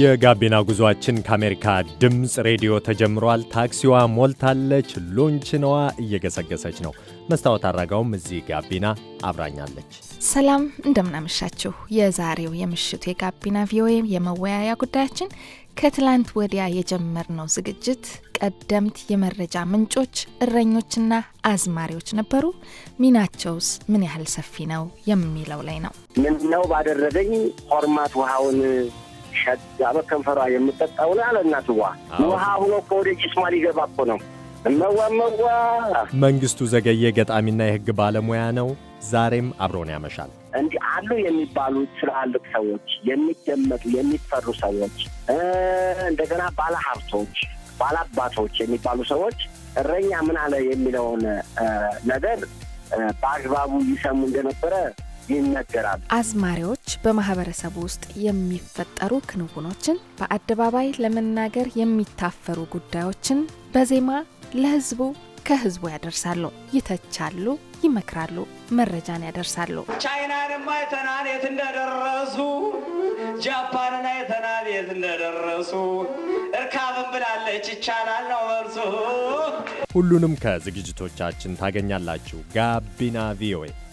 የጋቢና ጉዟችን ከአሜሪካ ድምፅ ሬዲዮ ተጀምሯል። ታክሲዋ ሞልታለች። ሎንችነዋ እየገሰገሰች ነው። መስታወት አድራጋውም እዚህ ጋቢና አብራኛለች። ሰላም እንደምናመሻችሁ። የዛሬው የምሽቱ የጋቢና ቪኦኤ የመወያያ ጉዳያችን ከትላንት ወዲያ የጀመርነው ዝግጅት ቀደምት የመረጃ ምንጮች እረኞችና አዝማሪዎች ነበሩ፣ ሚናቸውስ ምን ያህል ሰፊ ነው የሚለው ላይ ነው። ምንድነው ባደረገኝ ሆርማት ውሃውን ሸጋ በከንፈሯ የምጠጣውን አለ እናትዋ ውሃ ሁኖ እኮ ወደ ጭስማ ሊገባ እኮ ነው። እመዋ እመዋ። መንግስቱ ዘገየ ገጣሚና የህግ ባለሙያ ነው። ዛሬም አብሮን ያመሻል። እንዲህ አሉ የሚባሉ ትላልቅ ሰዎች፣ የሚደመጡ የሚፈሩ ሰዎች፣ እንደገና ባለ ሀብቶች፣ የሚባሉ ሰዎች እረኛ ምን አለ የሚለውን ነገር በአግባቡ ይሰሙ እንደነበረ ይነገራል። አዝማሪዎች በማህበረሰብ ውስጥ የሚፈጠሩ ክንውኖችን በአደባባይ ለመናገር የሚታፈሩ ጉዳዮችን በዜማ ለህዝቡ ከህዝቡ ያደርሳሉ፣ ይተቻሉ፣ ይመክራሉ፣ መረጃን ያደርሳሉ። ቻይናንማ አይተናል የት እንደደረሱ፣ ጃፓንን አይተናል የት እንደደረሱ። እርካብን ብላለች ይቻላል ነው መልሱ። ሁሉንም ከዝግጅቶቻችን ታገኛላችሁ። ጋቢና ቪኦኤ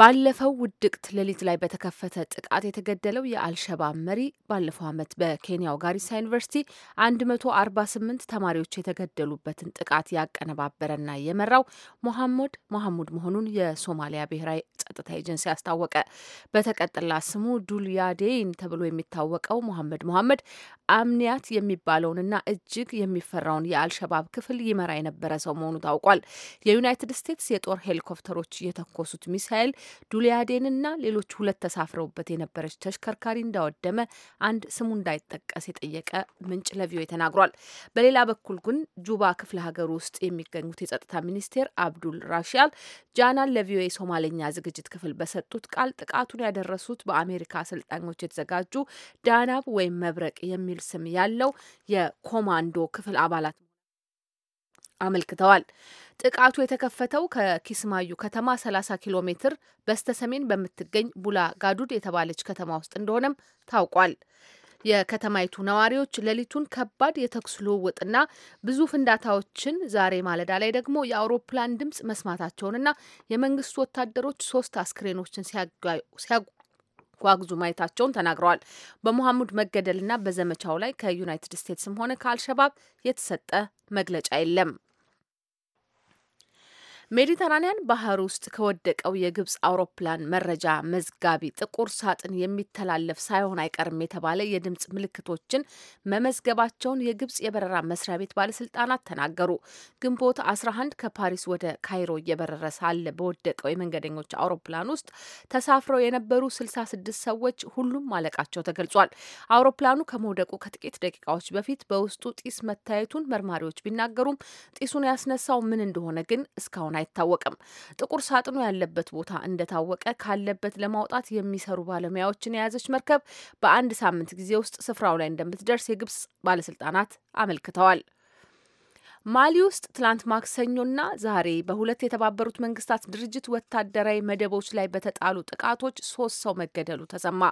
ባለፈው ውድቅት ሌሊት ላይ በተከፈተ ጥቃት የተገደለው የአልሸባብ መሪ ባለፈው ዓመት በኬንያው ጋሪሳ ዩኒቨርሲቲ 148 ተማሪዎች የተገደሉበትን ጥቃት ያቀነባበረና የመራው ሞሐመድ ሞሐሙድ መሆኑን የሶማሊያ ብሔራዊ ጸጥታ ኤጀንሲ አስታወቀ። በተቀጥላ ስሙ ዱልያዴይን ተብሎ የሚታወቀው ሞሐመድ ሞሐመድ አምኒያት የሚባለውንና እጅግ የሚፈራውን የአልሸባብ ክፍል ይመራ የነበረ ሰው መሆኑ ታውቋል። የዩናይትድ ስቴትስ የጦር ሄሊኮፕተሮች የተኮሱት ሚሳኤል ዱሊያዴንና ሌሎች ሁለት ተሳፍረውበት የነበረች ተሽከርካሪ እንዳወደመ አንድ ስሙ እንዳይጠቀስ የጠየቀ ምንጭ ለቪዮ ተናግሯል። በሌላ በኩል ግን ጁባ ክፍለ ሀገር ውስጥ የሚገኙት የጸጥታ ሚኒስቴር አብዱል ራሽያል ጃናን ለቪዮ ሶማሌኛ ዝግጅት ክፍል በሰጡት ቃል ጥቃቱን ያደረሱት በአሜሪካ አሰልጣኞች የተዘጋጁ ዳናብ ወይም መብረቅ የሚል የሚል ስም ያለው የኮማንዶ ክፍል አባላት አመልክተዋል። ጥቃቱ የተከፈተው ከኪስማዩ ከተማ 30 ኪሎ ሜትር በስተ ሰሜን በምትገኝ ቡላ ጋዱድ የተባለች ከተማ ውስጥ እንደሆነም ታውቋል። የከተማይቱ ነዋሪዎች ሌሊቱን ከባድ የተኩስ ልውውጥና ብዙ ፍንዳታዎችን ዛሬ ማለዳ ላይ ደግሞ የአውሮፕላን ድምጽ መስማታቸውንና የመንግስቱ ወታደሮች ሶስት አስክሬኖችን ሲያጓጉ ሲጓጉዙ ማየታቸውን ተናግረዋል። መገደል መገደልና በዘመቻው ላይ ከዩናይትድ ስቴትስም ሆነ ከአልሸባብ የተሰጠ መግለጫ የለም። ሜዲተራንያን ባህር ውስጥ ከወደቀው የግብጽ አውሮፕላን መረጃ መዝጋቢ ጥቁር ሳጥን የሚተላለፍ ሳይሆን አይቀርም የተባለ የድምጽ ምልክቶችን መመዝገባቸውን የግብጽ የበረራ መስሪያ ቤት ባለስልጣናት ተናገሩ። ግንቦት 11 ከፓሪስ ወደ ካይሮ እየበረረ ሳለ በወደቀው የመንገደኞች አውሮፕላን ውስጥ ተሳፍረው የነበሩ 66 ሰዎች ሁሉም ማለቃቸው ተገልጿል። አውሮፕላኑ ከመውደቁ ከጥቂት ደቂቃዎች በፊት በውስጡ ጢስ መታየቱን መርማሪዎች ቢናገሩም ጢሱን ያስነሳው ምን እንደሆነ ግን እስካሁን አይታወቅም። ጥቁር ሳጥኑ ያለበት ቦታ እንደታወቀ ካለበት ለማውጣት የሚሰሩ ባለሙያዎችን የያዘች መርከብ በአንድ ሳምንት ጊዜ ውስጥ ስፍራው ላይ እንደምትደርስ የግብጽ ባለስልጣናት አመልክተዋል። ማሊ ውስጥ ትላንት ማክሰኞና ዛሬ በሁለት የተባበሩት መንግስታት ድርጅት ወታደራዊ መደቦች ላይ በተጣሉ ጥቃቶች ሶስት ሰው መገደሉ ተሰማ።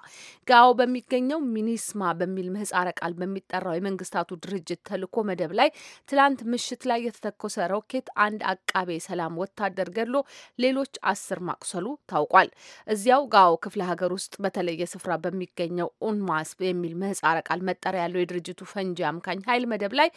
ጋው በሚገኘው ሚኒስማ በሚል ምህጻረ ቃል በሚጠራው የመንግስታቱ ድርጅት ተልዕኮ መደብ ላይ ትላንት ምሽት ላይ የተተኮሰ ሮኬት አንድ አቃቤ ሰላም ወታደር ገድሎ ሌሎች አስር ማቁሰሉ ታውቋል። እዚያው ጋው ክፍለ ሀገር ውስጥ በተለየ ስፍራ በሚገኘው ኡንማስ የሚል ምህጻረ ቃል መጠሪያ ያለው የድርጅቱ ፈንጂ አምካኝ ኃይል መደብ ላይ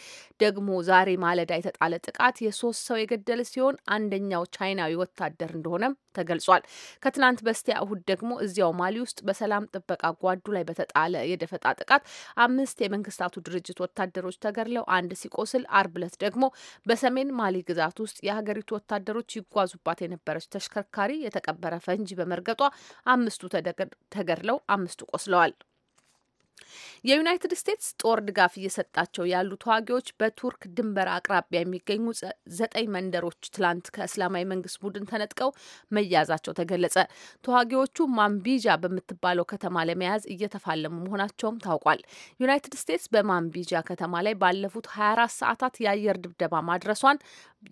ደግሞ ዛሬ ማለት ማለዳ የተጣለ ጥቃት የሶስት ሰው የገደለ ሲሆን አንደኛው ቻይናዊ ወታደር እንደሆነም ተገልጿል። ከትናንት በስቲያ እሁድ ደግሞ እዚያው ማሊ ውስጥ በሰላም ጥበቃ ጓዱ ላይ በተጣለ የደፈጣ ጥቃት አምስት የመንግስታቱ ድርጅት ወታደሮች ተገድለው አንድ ሲቆስል፣ አርብ ዕለት ደግሞ በሰሜን ማሊ ግዛት ውስጥ የሀገሪቱ ወታደሮች ይጓዙባት የነበረች ተሽከርካሪ የተቀበረ ፈንጂ በመርገጧ አምስቱ ተገድለው አምስቱ ቆስለዋል። የዩናይትድ ስቴትስ ጦር ድጋፍ እየሰጣቸው ያሉ ተዋጊዎች በቱርክ ድንበር አቅራቢያ የሚገኙ ዘጠኝ መንደሮች ትላንት ከእስላማዊ መንግስት ቡድን ተነጥቀው መያዛቸው ተገለጸ። ተዋጊዎቹ ማምቢጃ በምትባለው ከተማ ለመያዝ እየተፋለሙ መሆናቸውም ታውቋል። ዩናይትድ ስቴትስ በማምቢጃ ከተማ ላይ ባለፉት 24 ሰዓታት የአየር ድብደባ ማድረሷን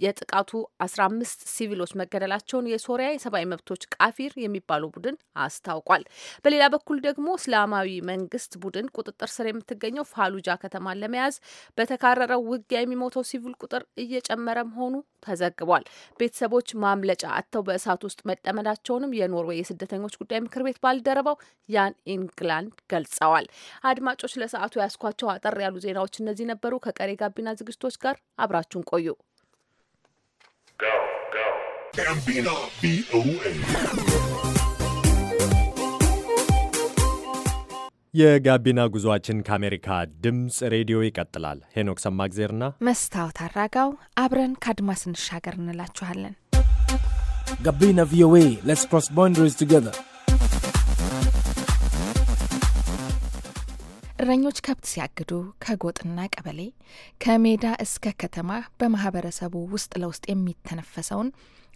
የጥቃቱ 15 ሲቪሎች መገደላቸውን የሶሪያ የሰብአዊ መብቶች ቃፊር የሚባለው ቡድን አስታውቋል። በሌላ በኩል ደግሞ እስላማዊ መንግስት ቡድን ቡድን ቁጥጥር ስር የምትገኘው ፋሉጃ ከተማን ለመያዝ በተካረረው ውጊያ የሚሞተው ሲቪል ቁጥር እየጨመረ መሆኑ ተዘግቧል። ቤተሰቦች ማምለጫ አጥተው በእሳት ውስጥ መጠመዳቸውንም የኖርዌይ የስደተኞች ጉዳይ ምክር ቤት ባልደረባው ያን ኢንግላንድ ገልጸዋል። አድማጮች ለሰዓቱ ያስኳቸው አጠር ያሉ ዜናዎች እነዚህ ነበሩ። ከቀሬ ጋቢና ዝግጅቶች ጋር አብራችሁን ቆዩ። ጋቢና ቪኦኤ የጋቢና ጉዞአችን ከአሜሪካ ድምፅ ሬዲዮ ይቀጥላል። ሄኖክ ሰማግዜርና መስታወት አራጋው አብረን ከአድማስ እንሻገር እንላችኋለን። ጋቢና ቪኦኤ ሌትስ ክሮስ ባውንደሪስ ቱጌዘር እረኞች ከብት ሲያግዱ ከጎጥና ቀበሌ ከሜዳ እስከ ከተማ በማህበረሰቡ ውስጥ ለውስጥ የሚተነፈሰውን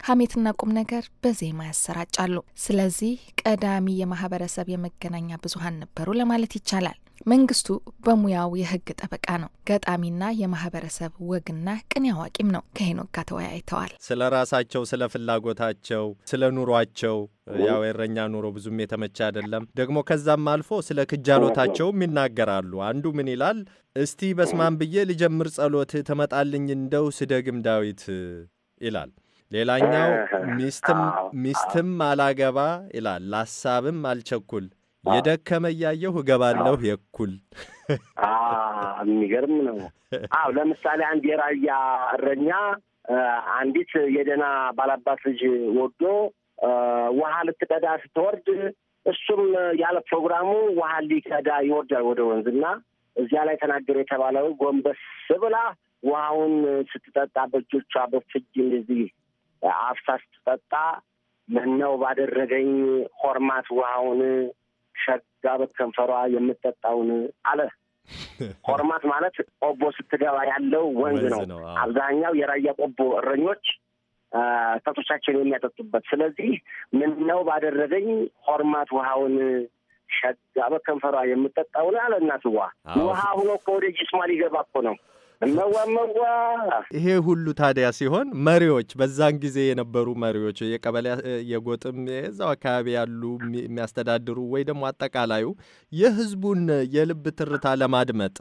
ሀሜትና ቁም ነገር በዜማ ያሰራጫሉ። ስለዚህ ቀዳሚ የማህበረሰብ የመገናኛ ብዙሀን ነበሩ ለማለት ይቻላል። መንግስቱ በሙያው የህግ ጠበቃ ነው። ገጣሚና የማህበረሰብ ወግና ቅኔ አዋቂም ነው። ከሄኖክ ጋር ተወያይተዋል። ስለ ራሳቸው፣ ስለ ፍላጎታቸው፣ ስለ ኑሯቸው ያው የእረኛ ኑሮ ብዙም የተመቸ አይደለም። ደግሞ ከዛም አልፎ ስለ ክጃሎታቸውም ይናገራሉ። አንዱ ምን ይላል? እስቲ በስማም ብዬ ልጀምር ጸሎት ትመጣልኝ እንደው ስደግም ዳዊት ይላል። ሌላኛው ሚስትም አላገባ ይላል፣ ላሳብም አልቸኩል የደከመ እያየሁ እገባለሁ የኩል የሚገርም ነው። አዎ ለምሳሌ አንድ የራያ እረኛ አንዲት የደህና ባላባት ልጅ ወዶ ውሃ ልትቀዳ ስትወርድ እሱም ያለ ፕሮግራሙ ውሃ ሊቀዳ ይወርዳል ወደ ወንዝና እዚያ ላይ ተናገር የተባለው ጎንበስ ብላ ውሃውን ስትጠጣ በእጆቿ በፍጅ እንደዚህ አፍሳ ስትጠጣ ምነው ባደረገኝ ሆርማት ውሃውን ሸጋ በከንፈሯ የምጠጣውን አለ። ሆርማት ማለት ቆቦ ስትገባ ያለው ወንዝ ነው። አብዛኛው የራያ ቆቦ እረኞች ከብቶቻቸውን የሚያጠጡበት። ስለዚህ ምነው ባደረገኝ ሆርማት ውሃውን ሸጋ በከንፈሯ የምጠጣውን አለ እናትዋ። ውሃ ሁኖ እኮ ወደ ጅስሟ ሊገባ እኮ ነው መዋ መዋ። ይሄ ሁሉ ታዲያ ሲሆን መሪዎች በዛን ጊዜ የነበሩ መሪዎች የቀበሌ የጎጥም የዛው አካባቢ ያሉ የሚያስተዳድሩ ወይ ደግሞ አጠቃላዩ የህዝቡን የልብ ትርታ ለማድመጥ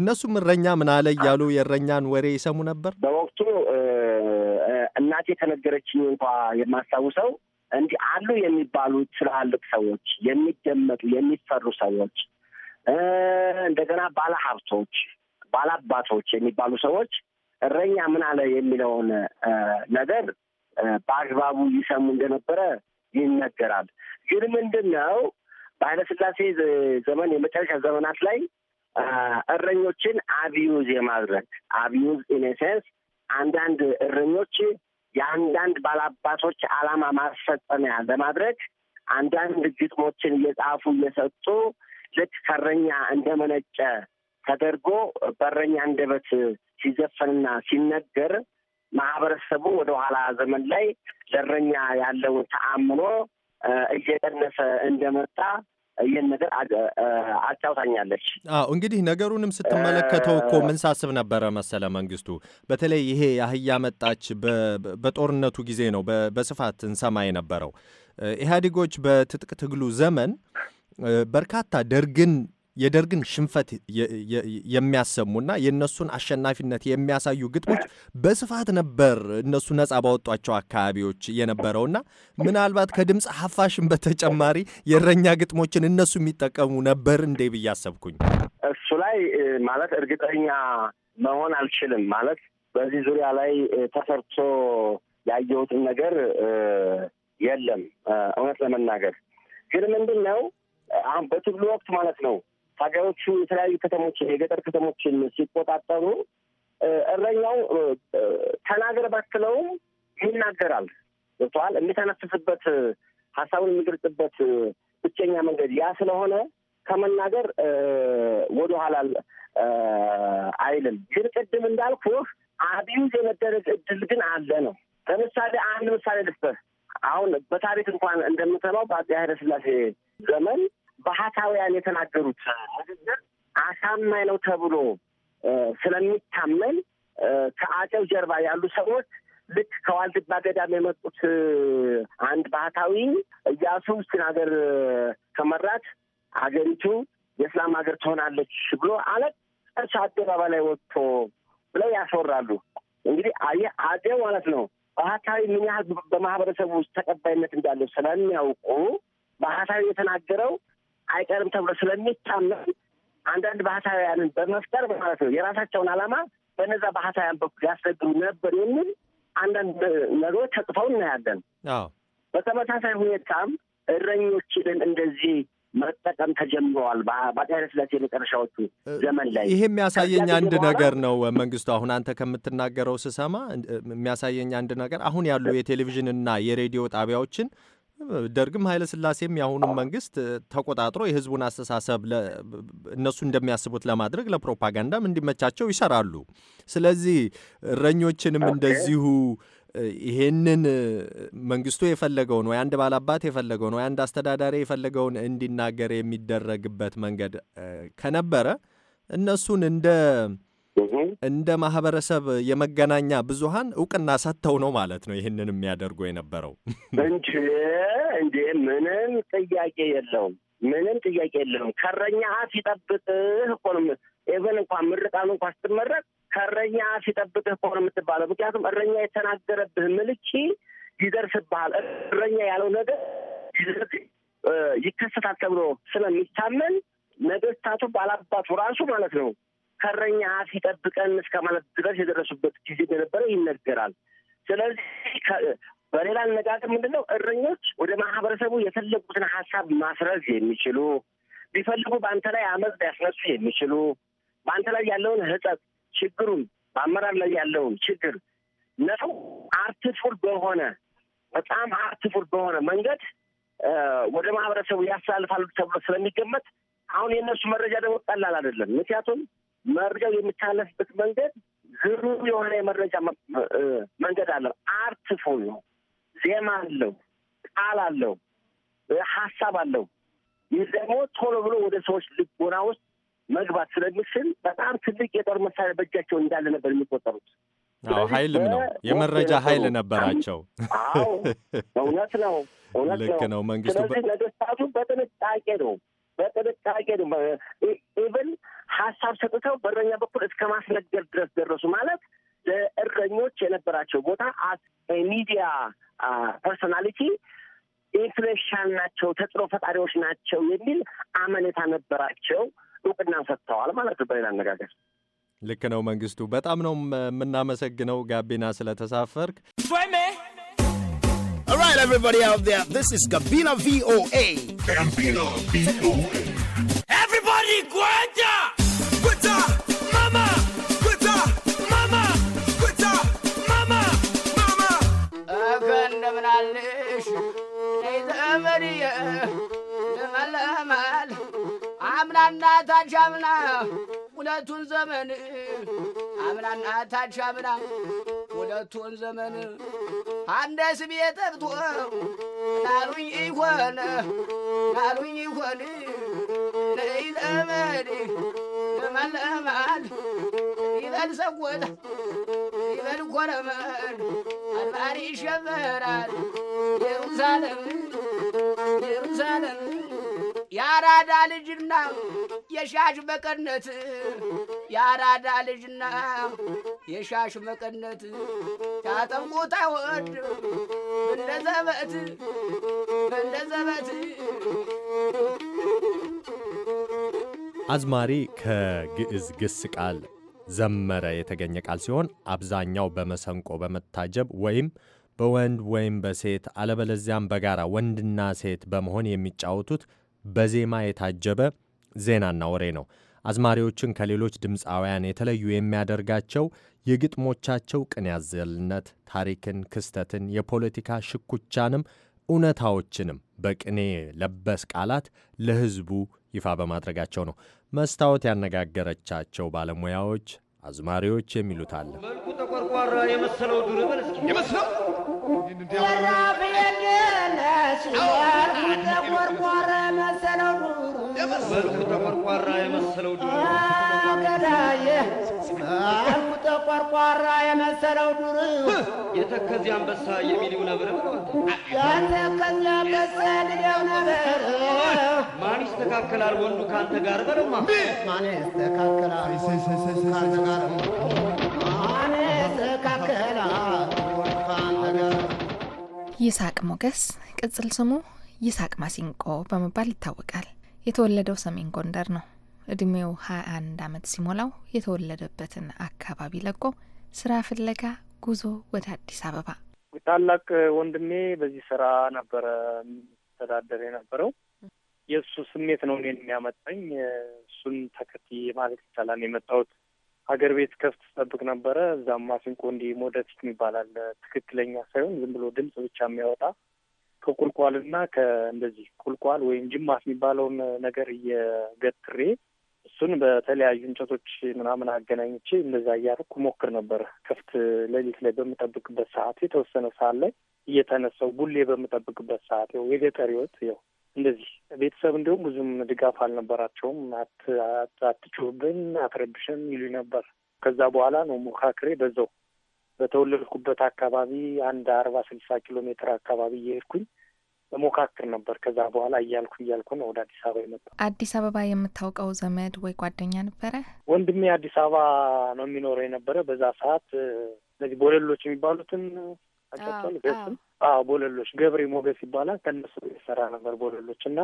እነሱም እረኛ ምን አለ እያሉ የእረኛን ወሬ ይሰሙ ነበር። በወቅቱ እናቴ የተነገረችኝ እንኳ የማስታውሰው እንዲህ አሉ የሚባሉ ትላልቅ ሰዎች፣ የሚደመጡ የሚፈሩ ሰዎች፣ እንደገና ባለ ሀብቶች ባላባቶች የሚባሉ ሰዎች እረኛ ምን አለ የሚለውን ነገር በአግባቡ ይሰሙ እንደነበረ ይነገራል። ግን ምንድን ነው ዘመን የመጨረሻ ዘመናት ላይ እረኞችን አቢዩዝ የማድረግ አቢዩዝ ኢኔሴንስ አንዳንድ እረኞች የአንዳንድ ባላባቶች ዓላማ ማስፈጸሚያ ለማድረግ አንዳንድ ግጥሞችን እየጻፉ እየሰጡ ልክ ከእረኛ እንደመነጨ ተደርጎ በረኛ አንደበት ሲዘፈንና ሲነገር ማህበረሰቡ ወደ ኋላ ዘመን ላይ ለረኛ ያለውን ተአምኖ እየቀነሰ እንደመጣ ይህን ነገር አጫውታኛለች። አዎ እንግዲህ ነገሩንም ስትመለከተው እኮ ምን ሳስብ ነበረ መሰለ መንግስቱ፣ በተለይ ይሄ አህያ መጣች በጦርነቱ ጊዜ ነው በስፋት እንሰማ የነበረው። ኢህአዴጎች በትጥቅ ትግሉ ዘመን በርካታ ደርግን የደርግን ሽንፈት የሚያሰሙና የእነሱን አሸናፊነት የሚያሳዩ ግጥሞች በስፋት ነበር እነሱ ነፃ ባወጧቸው አካባቢዎች የነበረውና ምናልባት ከድምፅ ሀፋሽን በተጨማሪ የእረኛ ግጥሞችን እነሱ የሚጠቀሙ ነበር እንዴ ብዬ አሰብኩኝ። እሱ ላይ ማለት እርግጠኛ መሆን አልችልም። ማለት በዚህ ዙሪያ ላይ ተሰርቶ ያየሁትን ነገር የለም እውነት ለመናገር ግን ምንድን ነው አሁን በትግሉ ወቅት ማለት ነው ሀገሮቹ የተለያዩ ከተሞችን የገጠር ከተሞችን ሲቆጣጠሩ እረኛው ተናገር ባትለውም ይናገራል። ገብተዋል። የሚተነፍስበት ሀሳቡን የሚገልጽበት ብቸኛ መንገድ ያ ስለሆነ ከመናገር ወደኋላ አይልም። ግን ቅድም እንዳልኩህ አቢዩዝ የመደረግ እድል ግን አለ ነው። ለምሳሌ አንድ ምሳሌ ልስጥህ። አሁን በታሪክ እንኳን እንደምሰማው በአፄ ኃይለስላሴ ዘመን ባህታውያን የተናገሩት ንግግር አሳማኝ ነው ተብሎ ስለሚታመን ከአጨው ጀርባ ያሉ ሰዎች ልክ ከዋልድባ ገዳም የመጡት አንድ ባህታዊ እያሱ ውስን ሀገር ከመራት ሀገሪቱ የእስላም ሀገር ትሆናለች ብሎ አለት እርሱ አደባባይ ላይ ወጥቶ ብለው ያስወራሉ። እንግዲህ አየህ አደው ማለት ነው ባህታዊ ምን ያህል በማህበረሰቡ ውስጥ ተቀባይነት እንዳለው ስለሚያውቁ ባህታዊ የተናገረው አይቀርም ተብሎ ስለሚታመን አንዳንድ ባህታውያንን በመፍጠር ማለት ነው የራሳቸውን ዓላማ በነዛ ባህታውያን በኩል ያስገድሩ ነበር የሚል አንዳንድ ነገሮች ተጽፈው እናያለን። በተመሳሳይ ሁኔታም እረኞችንን እንደዚህ መጠቀም ተጀምረዋል። በአፄ ኃይለ የመጨረሻዎቹ ዘመን ላይ ይህ የሚያሳየኝ አንድ ነገር ነው። መንግስቱ፣ አሁን አንተ ከምትናገረው ስሰማ የሚያሳየኝ አንድ ነገር አሁን ያሉ የቴሌቪዥንና የሬዲዮ ጣቢያዎችን ደርግም ኃይለ ስላሴም የአሁኑም መንግስት ተቆጣጥሮ የህዝቡን አስተሳሰብ እነሱ እንደሚያስቡት ለማድረግ ለፕሮፓጋንዳም እንዲመቻቸው ይሰራሉ። ስለዚህ እረኞችንም እንደዚሁ ይሄንን መንግስቱ የፈለገውን ወይ አንድ ባላባት የፈለገውን ወይ አንድ አስተዳዳሪ የፈለገውን እንዲናገር የሚደረግበት መንገድ ከነበረ እነሱን እንደ እንደ ማህበረሰብ የመገናኛ ብዙሀን እውቅና ሰጥተው ነው ማለት ነው ይህንን የሚያደርጉ የነበረው እንጂ እንዴ ምንም ጥያቄ የለውም። ምንም ጥያቄ የለውም። ከረኛ አፍ ይጠብቅህ እኮ ነው። ኤቨን እንኳን ምርቃኑ እንኳ ስትመረቅ ከረኛ አፍ ይጠብቅህ እኮ ነው የምትባለው። ምክንያቱም እረኛ የተናገረብህ ምልኪ ይደርስብሃል። እረኛ ያለው ነገር ይከሰታል ተብሎ ስለሚታመን ነገስታቱ ባላባቱ ራሱ ማለት ነው ከእረኛ አፍ ይጠብቀን እስከ ማለት ድረስ የደረሱበት ጊዜ እንደነበረ ይነገራል። ስለዚህ በሌላ አነጋገር ምንድን ነው እረኞች ወደ ማህበረሰቡ የፈለጉትን ሀሳብ ማስረዝ የሚችሉ ቢፈልጉ በአንተ ላይ አመፅ ሊያስነሱ የሚችሉ በአንተ ላይ ያለውን ህጸት ችግሩን በአመራር ላይ ያለውን ችግር ነው አርትፉል በሆነ በጣም አርትፉል በሆነ መንገድ ወደ ማህበረሰቡ ያስተላልፋሉ ተብሎ ስለሚገመት አሁን የእነሱ መረጃ ደግሞ ቀላል አይደለም። ምክንያቱም መርጃው የሚታለፍበት መንገድ ዝሩ የሆነ የመረጃ መንገድ አለው። አርትፎ ነው። ዜማ አለው፣ ቃል አለው፣ ሀሳብ አለው። ይህ ደግሞ ቶሎ ብሎ ወደ ሰዎች ልቦና ውስጥ መግባት ስለሚችል በጣም ትልቅ የጦር መሳሪያ በእጃቸው እንዳለ ነበር የሚቆጠሩት። ኃይልም ነው የመረጃ ኃይል ነበራቸው። አዎ እውነት ነው፣ እውነት ነው። ልክ ነው። መንግስቱ ስለዚህ ነገስታቱ በጥንቃቄ ነው፣ በጥንቃቄ ነው ኢቨን ሀሳብ ሰጥተው በእረኛ በኩል እስከ ማስነገር ድረስ ደረሱ። ማለት ለእረኞች የነበራቸው ቦታ ሚዲያ ፐርሶናሊቲ ኢንፍሌሽን ናቸው፣ ተጽዕኖ ፈጣሪዎች ናቸው የሚል አመኔታ ነበራቸው። እውቅና ሰጥተዋል ማለት ነው በሌላ አነጋገር። ልክ ነው መንግስቱ፣ በጣም ነው የምናመሰግነው ጋቢና ስለተሳፈርክ። Alright, everybody out there, this is Gabina VOA. Gabina VOA. Everybody, go አምናት አቻምና ሁለቱን ዘመን አምናናት አቻምና ሁለቱን ዘመን አንደ ስቤ ጠብቶ ናሉኝ ይሆን ናሉኝ ይሆን ነይ ዘመድ ለመለማል ይበል ሰጎታ ይበል ኮረመን አልባሪ ይሸበራል ኢየሩሳሌም ኢየሩሳሌም የአራዳ ልጅና የሻሽ መቀነት የአራዳ ልጅና የሻሽ መቀነት ታጠቁት አይወድ እንደ ዘበት እንደ ዘበት። አዝማሪ ከግዕዝ ግስ ቃል ዘመረ የተገኘ ቃል ሲሆን አብዛኛው በመሰንቆ በመታጀብ ወይም በወንድ ወይም በሴት አለበለዚያም በጋራ ወንድና ሴት በመሆን የሚጫወቱት በዜማ የታጀበ ዜናና ወሬ ነው። አዝማሪዎችን ከሌሎች ድምፃውያን የተለዩ የሚያደርጋቸው የግጥሞቻቸው ቅን ያዘልነት ታሪክን፣ ክስተትን፣ የፖለቲካ ሽኩቻንም እውነታዎችንም በቅኔ ለበስ ቃላት ለሕዝቡ ይፋ በማድረጋቸው ነው። መስታወት ያነጋገረቻቸው ባለሙያዎች አዝማሪዎች የሚሉት አለ። መልኩ ተቆርቋራ የመሰለው ዱርብል ተቆርቋረ መሰለው ዱሮ ተቆርቋራ የመሰለው ዱሮ ገዳዬ ተቆርቋራ የመሰለው ዱሮ የተከዚ አንበሳ የሚለው ነበር የተከዚ አንበሳ የሚለው ነበር ማን ይስተካከላል ወንዱ ካንተ ጋር በለማ ማን ይስተካከላል ካንተ ጋር ማን ይስተካከላል ይስሐቅ ሞገስ ቅጽል ስሙ ይስሐቅ ማሲንቆ በመባል ይታወቃል። የተወለደው ሰሜን ጎንደር ነው። እድሜው 21 ዓመት ሲሞላው የተወለደበትን አካባቢ ለቆ ስራ ፍለጋ ጉዞ ወደ አዲስ አበባ። ታላቅ ወንድሜ በዚህ ስራ ነበረ የሚተዳደር የነበረው። የእሱ ስሜት ነው እኔን የሚያመጣኝ። እሱን ተከትዬ ማለት ይቻላል የመጣሁት። ሀገር ቤት ከፍት ጠብቅ ነበረ። እዛም ማሲንቆ እንዲህ ሞደቲት የሚባላል ትክክለኛ ሳይሆን ዝም ብሎ ድምፅ ብቻ የሚያወጣ ከቁልቋል ከቁልቋልና ከእንደዚህ ቁልቋል ወይም ጅማት የሚባለውን ነገር እየገትሬ እሱን በተለያዩ እንጨቶች ምናምን አገናኝቼ እንደዛ እያደረኩ ሞክር ነበር። ከፍት ሌሊት ላይ በምጠብቅበት ሰዓት የተወሰነ ሰዓት ላይ እየተነሳው ቡሌ በምጠብቅበት ሰዓት ው የገጠር ህይወት ው እንደዚህ ቤተሰብ እንዲሁም ብዙም ድጋፍ አልነበራቸውም። አትችሁብን፣ አትረብሽን ይሉ ነበር። ከዛ በኋላ ነው ሞካክሬ በዛው በተወለድኩበት አካባቢ አንድ አርባ ስልሳ ኪሎ ሜትር አካባቢ እየሄድኩኝ ሞካክር ነበር። ከዛ በኋላ እያልኩ እያልኩ ነው ወደ አዲስ አበባ የመጣ። አዲስ አበባ የምታውቀው ዘመድ ወይ ጓደኛ ነበረ? ወንድሜ አዲስ አበባ ነው የሚኖረው የነበረ በዛ ሰዓት እነዚህ ቦሌሎች የሚባሉትን ቤስም አዎ ቦለሎች ገብሬ ሞገስ ይባላል። ከነሱ የሰራ ነበር ቦለሎች እና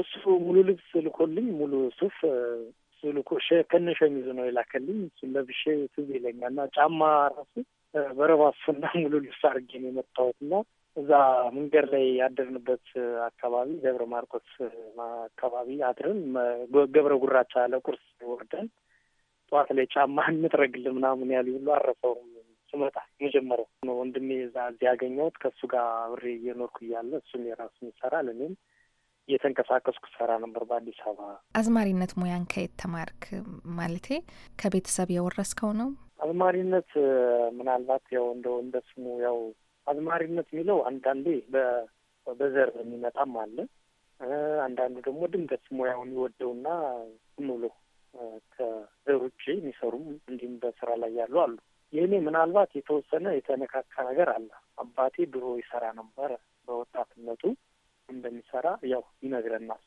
እሱ ሙሉ ልብስ ልኮልኝ ሙሉ ሱፍ ልኮ ከነ ሸሚዙ ነው የላከልኝ። እሱን ለብሼ ትዝ ይለኛል እና ጫማ ራሱ በረባሱና ሙሉ ልብስ አድርጌ ነው የመጣሁት እና እዛ መንገድ ላይ ያደርንበት አካባቢ ገብረ ማርቆስ አካባቢ አድርን ገብረ ጉራቻ ለቁርስ ወርደን ጠዋት ላይ ጫማ እንጥረግል ምናምን ያሉ ሁሉ አረፈውም ስመጣ የመጀመሪያው ነው ወንድሜ እዛ እዚህ ያገኘሁት ከእሱ ጋር አብሬ እየኖርኩ እያለ እሱም የራሱን ይሰራል እኔም እየተንቀሳቀስኩ ሰራ ነበር በአዲስ አበባ። አዝማሪነት ሙያን ከየት ተማርክ? ማለቴ ከቤተሰብ የወረስከው ነው? አዝማሪነት ምናልባት ያው እንደው እንደ ስሙ ያው አዝማሪነት የሚለው አንዳንዴ በዘር የሚመጣም አለ። አንዳንዱ ደግሞ ድንገት ሙያውን ይወደውና ዝም ብሎ ከዘር ውጭ የሚሰሩም እንዲሁም በስራ ላይ ያሉ አሉ። የእኔ ምናልባት የተወሰነ የተነካካ ነገር አለ። አባቴ ድሮ ይሰራ ነበረ። በወጣትነቱ እንደሚሰራ ያው ይነግረናል።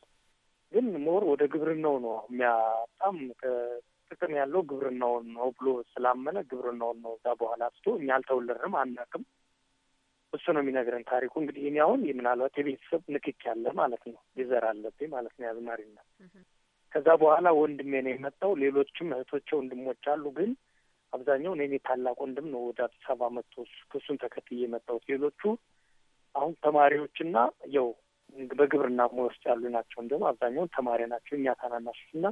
ግን ሞር ወደ ግብርናው ነው የሚያጣም ጥቅም ያለው ግብርናውን ነው ብሎ ስላመነ ግብርናውን ነው እዛ በኋላ ስቶ እኛ አልተወለድንም አናውቅም። እሱ ነው የሚነግረን ታሪኩ። እንግዲህ እኔ አሁን ምናልባት የቤተሰብ ንክክ ያለ ማለት ነው ይዘር አለብኝ ማለት ነው ያዝማሪነት። ከዛ በኋላ ወንድሜ ነው የመጣው። ሌሎችም እህቶቼ ወንድሞች አሉ ግን አብዛኛው እኔ ታላቅ ወንድም ነው ወደ አዲስ አበባ መጥቶ ክሱን ተከትዬ የመጣሁት። ሌሎቹ አሁን ተማሪዎችና ያው በግብርና ሙያ ውስጥ ያሉ ናቸው። እንዲሁም አብዛኛውን ተማሪ ናቸው። እኛ ታናናሾች እና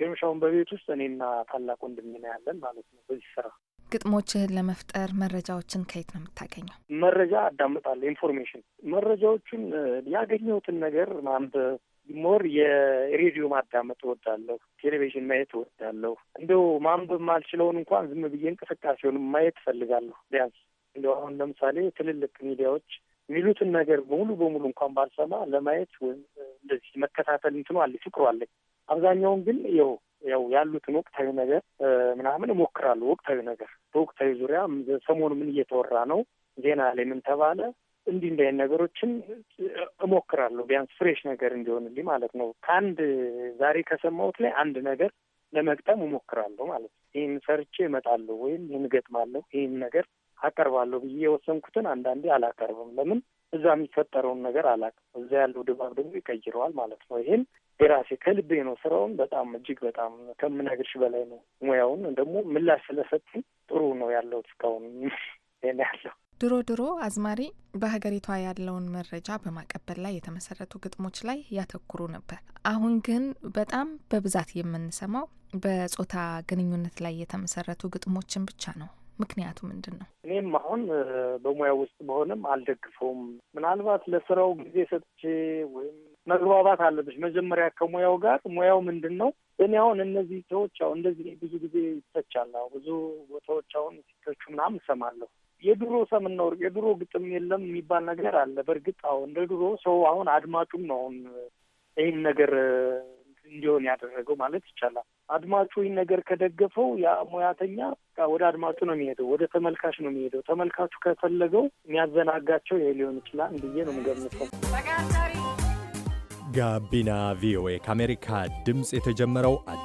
ገምሻውን በቤት ውስጥ እኔና ታላቅ ወንድም ነው ያለን ማለት ነው በዚህ ስራ። ግጥሞችህን ለመፍጠር መረጃዎችን ከየት ነው የምታገኘው? መረጃ አዳምጣለሁ። ኢንፎርሜሽን መረጃዎቹን ያገኘሁትን ነገር ማንበብ ሞር የሬዲዮ ማዳመጥ እወዳለሁ። ቴሌቪዥን ማየት እወዳለሁ። እንደው ማንበብ ማልችለውን እንኳን ዝም ብዬ እንቅስቃሴውን ማየት እፈልጋለሁ። ቢያንስ እንደ አሁን ለምሳሌ ትልልቅ ሚዲያዎች የሚሉትን ነገር በሙሉ በሙሉ እንኳን ባልሰማ ለማየት ወይም እንደዚህ መከታተል እንትኑ አለ ፍቅሩ አለኝ። አብዛኛውን ግን ይኸው ያው ያሉትን ወቅታዊ ነገር ምናምን እሞክራለሁ። ወቅታዊ ነገር በወቅታዊ ዙሪያ ሰሞኑ ምን እየተወራ ነው፣ ዜና ላይ ምን ተባለ፣ እንዲህ እንዲህ ነገሮችን እሞክራለሁ ቢያንስ ፍሬሽ ነገር እንዲሆንልኝ ማለት ነው። ከአንድ ዛሬ ከሰማሁት ላይ አንድ ነገር ለመግጠም እሞክራለሁ ማለት ነው። ይህን ሰርቼ እመጣለሁ ወይም ይህን እገጥማለሁ፣ ይህን ነገር አቀርባለሁ ብዬ የወሰንኩትን አንዳንዴ አላቀርብም። ለምን እዛ የሚፈጠረውን ነገር አላቅም። እዛ ያለው ድባብ ደግሞ ይቀይረዋል ማለት ነው። ይህን የራሴ ከልቤ ነው። ስራውን በጣም እጅግ በጣም ከምነግርሽ በላይ ነው። ሙያውን ደግሞ ምላሽ ስለሰጡኝ ጥሩ ነው ያለው እስካሁን ያለው ድሮ ድሮ አዝማሪ በሀገሪቷ ያለውን መረጃ በማቀበል ላይ የተመሰረቱ ግጥሞች ላይ ያተኩሩ ነበር። አሁን ግን በጣም በብዛት የምንሰማው በጾታ ግንኙነት ላይ የተመሰረቱ ግጥሞችን ብቻ ነው። ምክንያቱ ምንድን ነው? እኔም አሁን በሙያ ውስጥ በሆነም አልደግፈውም። ምናልባት ለስራው ጊዜ ሰጥቼ ወይም መግባባት አለብሽ መጀመሪያ ከሙያው ጋር ሙያው ምንድን ነው? እኔ አሁን እነዚህ ሰዎች አሁን እንደዚህ ብዙ ጊዜ ይተቻል። ብዙ ቦታዎች አሁን ሲተቹ ምናምን እሰማለሁ። የድሮ ሰምና የድሮ ግጥም የለም የሚባል ነገር አለ። በእርግጥ አዎ እንደ ድሮ ሰው አሁን አድማጩም ነው አሁን ይህን ነገር እንዲሆን ያደረገው ማለት ይቻላል። አድማጩ ይህን ነገር ከደገፈው ያ ሙያተኛ ወደ አድማጩ ነው የሚሄደው፣ ወደ ተመልካች ነው የሚሄደው። ተመልካቹ ከፈለገው የሚያዘናጋቸው ይሄ ሊሆን ይችላል ብዬ ነው የምገምተው። ጋቢና ቪኦኤ ከአሜሪካ ድምፅ የተጀመረው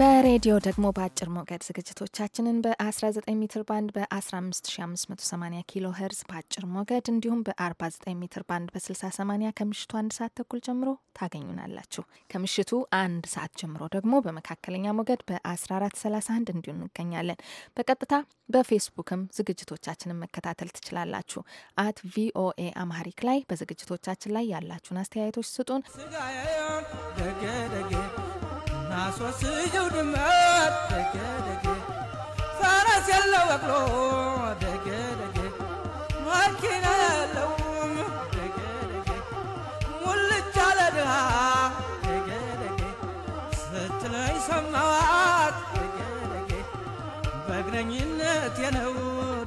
በሬዲዮ ደግሞ በአጭር ሞገድ ዝግጅቶቻችንን በ19 ሜትር ባንድ በ15580 ኪሎ ሄርዝ በአጭር ሞገድ እንዲሁም በ49 ሜትር ባንድ በ6080 ከምሽቱ አንድ ሰዓት ተኩል ጀምሮ ታገኙናላችሁ። ከምሽቱ አንድ ሰዓት ጀምሮ ደግሞ በመካከለኛ ሞገድ በ1431 እንዲሁ እንገኛለን። በቀጥታ በፌስቡክም ዝግጅቶቻችንን መከታተል ትችላላችሁ። አት ቪኦኤ አማሪክ ላይ በዝግጅቶቻችን ላይ ያላችሁን አስተያየቶች ስጡን። አስወስጅው ድመት ደገ ደገ ፈረስ ያለው በቅሎ ደገ ደገ ማኪና ያለውም ደገ ደገ ሙልቻ ለድሃ ደገ ደገ ስትለኝ ሰማዋት ደገ ደገ በእግረኝነት የነው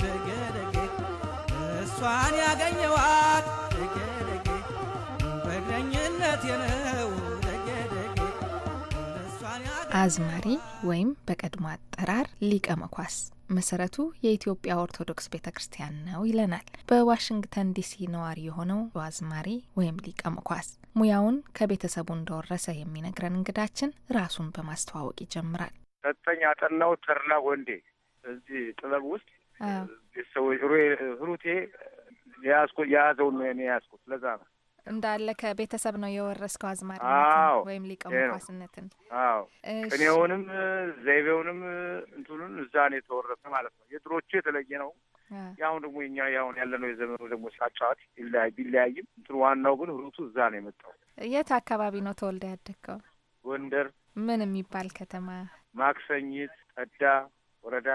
ደገ ደገ እሷን ያገኘዋት ደገ ደገ በእግረኝነት የነው አዝማሪ ወይም በቀድሞ አጠራር ሊቀ መኳስ መሰረቱ የኢትዮጵያ ኦርቶዶክስ ቤተ ክርስቲያን ነው ይለናል። በዋሽንግተን ዲሲ ነዋሪ የሆነው አዝማሪ ወይም ሊቀ መኳስ ሙያውን ከቤተሰቡ እንደወረሰ የሚነግረን እንግዳችን ራሱን በማስተዋወቅ ይጀምራል። ሰጠኝ አጠናው ተርላ ወንዴ እዚህ ጥበብ ውስጥ ቤተሰቦች ሩቴ የያዝኩት የያዘውን ነው የያዝኩት ለዛ ነው እንዳለ ከቤተሰብ ነው የወረስከው አዝማሪነትን ወይም ሊቀ ኳስነትን? አዎ ቅኔውንም ዘይቤውንም እንትኑን እዛ ነው የተወረሰ ማለት ነው። የድሮቹ የተለየ ነው። ያሁን ደግሞ እኛ ያሁን ያለነው የዘመኑ ደግሞ ሳጫዋት ቢለያይም እንትን ዋናው ግን ሩቱ እዛ ነው የመጣው። የት አካባቢ ነው ተወልደ ያደግከው? ጎንደር ምን የሚባል ከተማ? ማክሰኝት ጠዳ ወረዳ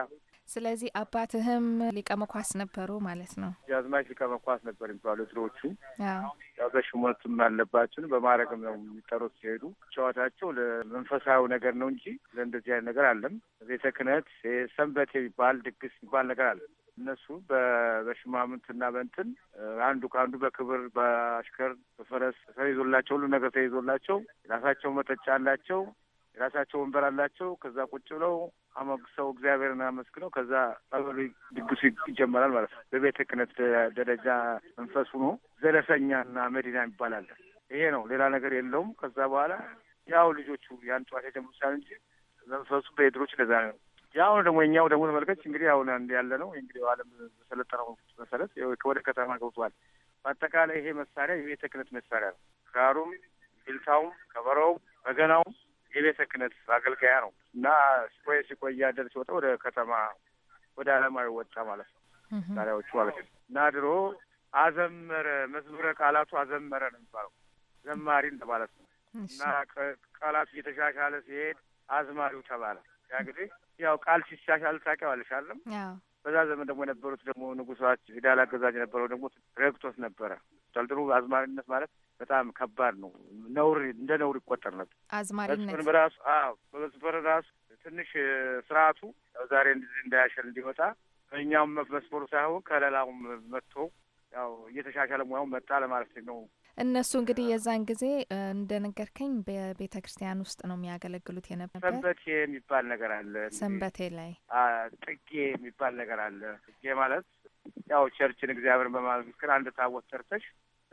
ስለዚህ አባትህም ሊቀመኳስ ነበሩ ማለት ነው። የአዝማች ሊቀመኳስ ነበር የሚባሉ ድሮዎቹ። ያው በሹመቱም አለባቸውን በማድረግም ነው የሚጠሩት። ሲሄዱ ጨዋታቸው ለመንፈሳዊ ነገር ነው እንጂ ለእንደዚህ አይነት ነገር አለም። ቤተ ክህነት ሰንበት የሚባል ድግስ የሚባል ነገር አለ። እነሱ በሽማምንትና በእንትን አንዱ ከአንዱ በክብር በአሽከር በፈረስ ተይዞላቸው ሁሉ ነገር ተይዞላቸው ራሳቸው መጠጫ አላቸው። የራሳቸው ወንበር አላቸው። ከዛ ቁጭ ብለው አመግሰው እግዚአብሔርን አመስግነው ከዛ ጸበሉ ድግሱ ይጀመራል ማለት ነው። በቤተ ክህነት ደረጃ መንፈስ ሆኖ ዘለሰኛና መዲና ይባላል። ይሄ ነው፣ ሌላ ነገር የለውም። ከዛ በኋላ ያው ልጆቹ ያን ጠዋት የጀምሩ ሳል እንጂ መንፈሱ በሄድሮች ለዛ ነው። ያው ደግሞ እኛው ደግሞ ተመልከች እንግዲህ አሁን አንድ ያለ ነው እንግዲህ ዓለም በሰለጠነው መሰረት ወደ ከተማ ገብቷል። በአጠቃላይ ይሄ መሳሪያ የቤተ ክህነት መሳሪያ ነው። ክራሩም፣ ቢልታውም፣ ከበሮውም፣ በገናውም የቤተ ክህነት አገልጋያ ነው እና ቆየ ሲቆይ እያደር ሲወጣ ወደ ከተማ ወደ አለማዊ ወጣ ማለት ነው። ዛሬዎቹ ማለት ነው እና ድሮ አዘመረ መዝሙረ ቃላቱ አዘመረ ነው የሚባለው ዘማሪ እንደማለት ነው። እና ቃላቱ እየተሻሻለ ሲሄድ አዝማሪው ተባለ። ያ ጊዜ ያው ቃል ሲሻሻል ታውቂዋለሽ አለም በዛ ዘመን ደግሞ የነበሩት ደግሞ ንጉሳች ሂዳል አገዛዝ የነበረው ደግሞ ረግቶት ነበረ። ተልድሩ አዝማሪነት ማለት በጣም ከባድ ነው። ነውር እንደ ነውር ይቆጠር ነበር። አዝማሪነት በራሱ መስፈር ራሱ ትንሽ ስርዓቱ ዛሬ እንደዚህ እንዳያሸል እንዲወጣ በእኛውም መስፈሩ ሳይሆን ከሌላውም መጥቶ ያው እየተሻሻለ ሙያውን መጣ ለማለት ነው። እነሱ እንግዲህ የዛን ጊዜ እንደነገርከኝ በቤተ ክርስቲያን ውስጥ ነው የሚያገለግሉት የነበር። ሰንበቴ የሚባል ነገር አለ። ሰንበቴ ላይ ጥጌ የሚባል ነገር አለ። ጥጌ ማለት ያው ቸርችን እግዚአብሔርን በማመስገን አንድ ታቦት ሰርተሽ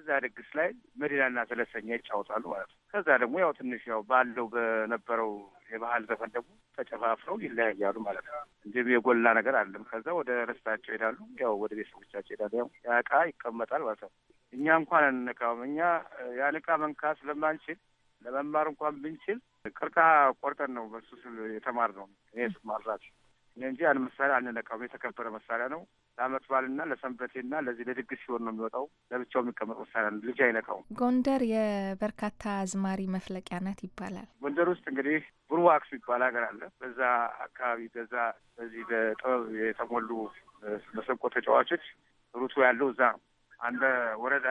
እዛ ድግስ ላይ መዲናና ሰለስተኛ ይጫወታሉ ማለት ነው። ከዛ ደግሞ ያው ትንሽ ያው ባለው በነበረው የባህል ዘፈን ደግሞ ተጨፋፍረው ይለያያሉ ማለት ነው። እንዲሁም የጎላ ነገር አለም። ከዛ ወደ ርስታቸው ይሄዳሉ፣ ያው ወደ ቤተሰቦቻቸው ይሄዳሉ። ያው ያዕቃ ይቀመጣል ማለት ነው። እኛ እንኳን አንነካውም። እኛ ያዕቃ መንካ ስለማንችል ለመማር እንኳን ብንችል ቀርከሃ ቆርጠን ነው በሱ ስል የተማር ነው እኔ ስማራት እንጂ አንድ መሳሪያ አንነካውም። የተከበረ መሳሪያ ነው። ለአመት በዓልና ለሰንበቴና ለዚህ ለድግስ ሲሆን ነው የሚወጣው። ለብቻው የሚቀመጥ መሳሪያ ልጅ አይነካው። ጎንደር የበርካታ አዝማሪ መፍለቂያ ናት ይባላል። ጎንደር ውስጥ እንግዲህ ቡርዋክስ የሚባል ሀገር አለ። በዛ አካባቢ በዛ በዚህ በጥበብ የተሞሉ መሰንቆ ተጫዋቾች ሩቱ ያለው እዛ ነው። አንድ ወረዳ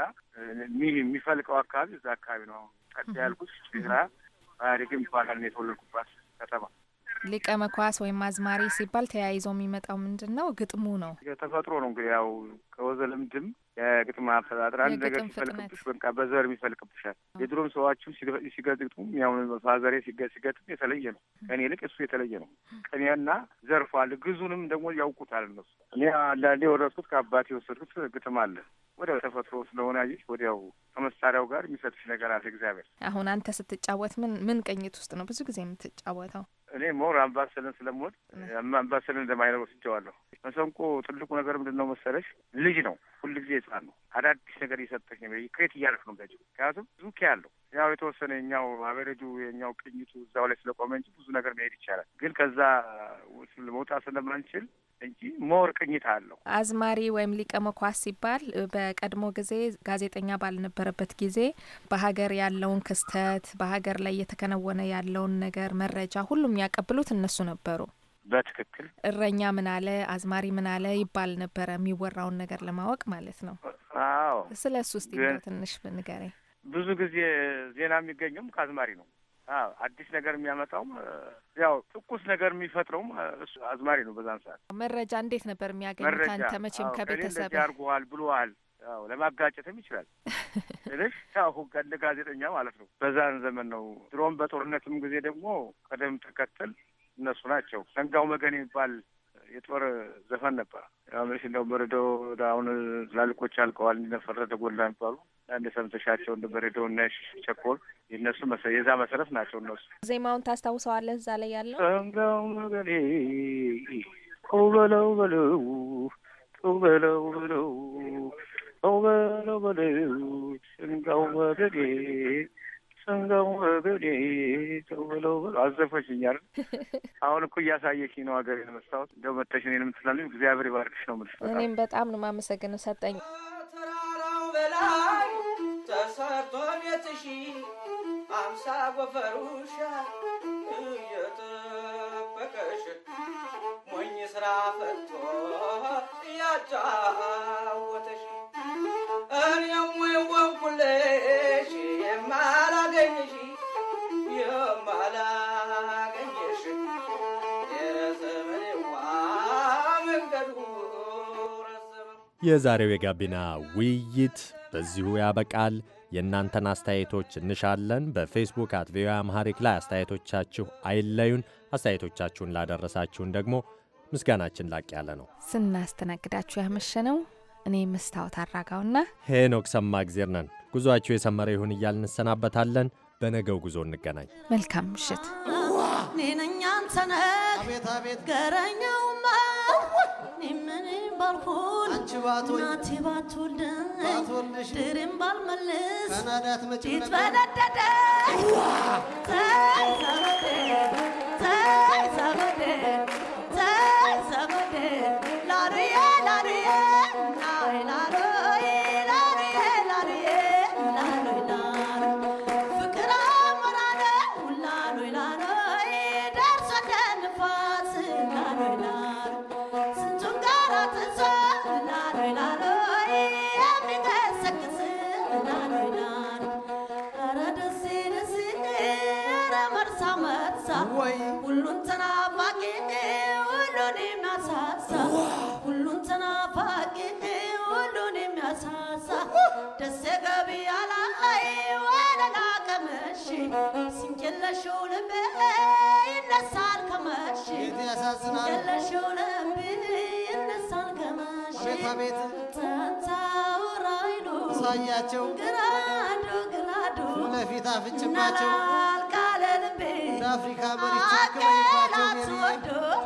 የሚፈልቀው አካባቢ እዛ አካባቢ ነው። ቀጥ ያልኩት ራ ሪግ ይባላል የተወለድኩባት ከተማ ሊቀ መኳስ ወይም አዝማሪ ሲባል ተያይዞ የሚመጣው ምንድን ነው? ግጥሙ ነው። ተፈጥሮ ነው እንግዲህ ያው ከወዘ ልምድም የግጥም አፈጣጥር አንድ ነገር ሲፈልቅብሽ በቃ በዘር የሚፈልቅብሻል። የድሮም ሰዋችሁ ሲገጥሙ ያው ፋዘሬ ሲገጥም የተለየ ነው። ከኔ ይልቅ እሱ የተለየ ነው። ቅኔና ዘርፎ አለ። ግዙንም ደግሞ ያውቁታል እነሱ። እኔ አንዳንዴ የወረስኩት ከአባት የወሰድኩት ግጥም አለ። ወዲያው ተፈጥሮ ስለሆነ አየሽ፣ ወዲያው ከመሳሪያው ጋር የሚሰጥሽ ነገር አለ እግዚአብሔር። አሁን አንተ ስትጫወት ምን ምን ቅኝት ውስጥ ነው ብዙ ጊዜ የምትጫወተው? እኔ ሞር አምባሰልን ስለምወድ አምባሰልን እንደማይነር ወስጀዋለሁ። መሰንቆ ትልቁ ነገር ምንድን ነው መሰለሽ? ልጅ ነው፣ ጊዜ ህጻን ነው። አዳዲስ ነገር እየሰጠች ነው። ክሬት እያደረክ ነው ገጅ ምክንያቱም ብዙ ኬ ያለው ያው የተወሰነ የኛው አበረጁ የኛው ቅኝቱ እዛው ላይ ስለቆመ እንጂ ብዙ ነገር መሄድ ይቻላል። ግን ከዛ መውጣት ስለማንችል እንጂ ሞር ቅኝት አለው። አዝማሪ ወይም ሊቀ መኳስ ሲባል በቀድሞ ጊዜ ጋዜጠኛ ባልነበረበት ጊዜ በሀገር ያለውን ክስተት በሀገር ላይ እየተከናወነ ያለውን ነገር መረጃ ሁሉም ያቀብሉት እነሱ ነበሩ። በትክክል እረኛ ምን አለ አዝማሪ ምን አለ ይባል ነበረ፣ የሚወራውን ነገር ለማወቅ ማለት ነው። አዎ ስለ እሱ ውስጥ ትንሽ ብንገረኝ። ብዙ ጊዜ ዜና የሚገኙም ከአዝማሪ ነው። አዲስ ነገር የሚያመጣውም ያው ትኩስ ነገር የሚፈጥረውም እሱ አዝማሪ ነው። በዛን ሰዓት መረጃ እንዴት ነበር የሚያገኙት? አንተ መቼም ከቤተሰብ ያርጉሃል ብሎዋል ያው ለማጋጨትም ይችላል ልሽ ያው እንደ ጋዜጠኛ ማለት ነው። በዛን ዘመን ነው። ድሮም በጦርነትም ጊዜ ደግሞ ቀደም ተከተል እነሱ ናቸው። ሰንጋው መገን የሚባል የጦር ዘፈን ነበር። ያው መቼ እንደው በረዶ አሁን ትላልቆች አልቀዋል እንዲነፈረ ጎላ የሚባሉ አንድ ሰምተሻቸው እንደ በሬዶ ነሽ ቸኮል የእነሱ የዛ መሰረት ናቸው እነሱ። ዜማውን ታስታውሰዋለህ? እዛ ላይ ያለው እንጋው መገሌ በለው በለው በለው እንጋው መገሌ አዘፈሽኛል። አሁን እኮ እያሳየሽ ነው ሀገር የመስታወት እንደው መተሽ እኔንም ትላለች። እግዚአብሔር ይባርክሽ ነው የምልሽ። እኔም በጣም ነው የማመሰግነው ሰጠኝ። ተሰርቶ ቤትሽ አምሳ ጎፈር ውሻ እየጠበቀሽ ሞኝ ስራ ፈቶ እያጫወተሽ እኔም ወይ ወንኩልሽ የማላገኝሽ የማላገኝሽ የዘመኔዋ መንገዱ የዛሬው የጋቢና ውይይት በዚሁ ያበቃል። የእናንተን አስተያየቶች እንሻለን። በፌስቡክ አት ቪኦኤ አምሃሪክ ላይ አስተያየቶቻችሁ አይለዩን። አስተያየቶቻችሁን ላደረሳችሁን ደግሞ ምስጋናችን ላቅ ያለ ነው። ስናስተናግዳችሁ ያመሸነው እኔ መስታወት አራጋውና ሄኖክ ሰማ እግዜር ነን። ጉዞአችሁ የሰመረ ይሁን እያል እንሰናበታለን። በነገው ጉዞ እንገናኝ። መልካም ምሽት። ኔነኛን ሰነ ቤት ገረኛው ባልሆን እናቴ ባትወልደኝ ድሬም ባልመልስ ፊት በነደደ ተይ ዘመዴ ተይ ዘመዴ ተይ ዘመዴ ላርያ ተሳሳ ደስ ገቢያላ ወደ ላቀ መሽ ስንጀለሽው ልቤ ይነሳል ከመሽ ስንጀለሽው ልቤ ይነሳል ከመሽ ተንታውራይሉ ሳያቸው ግራዶ ግራዶ ለፊት አፍጭባቸው ቃለ ልቤ ለአፍሪካ መሪ ችግር ይባቸው ሜሪ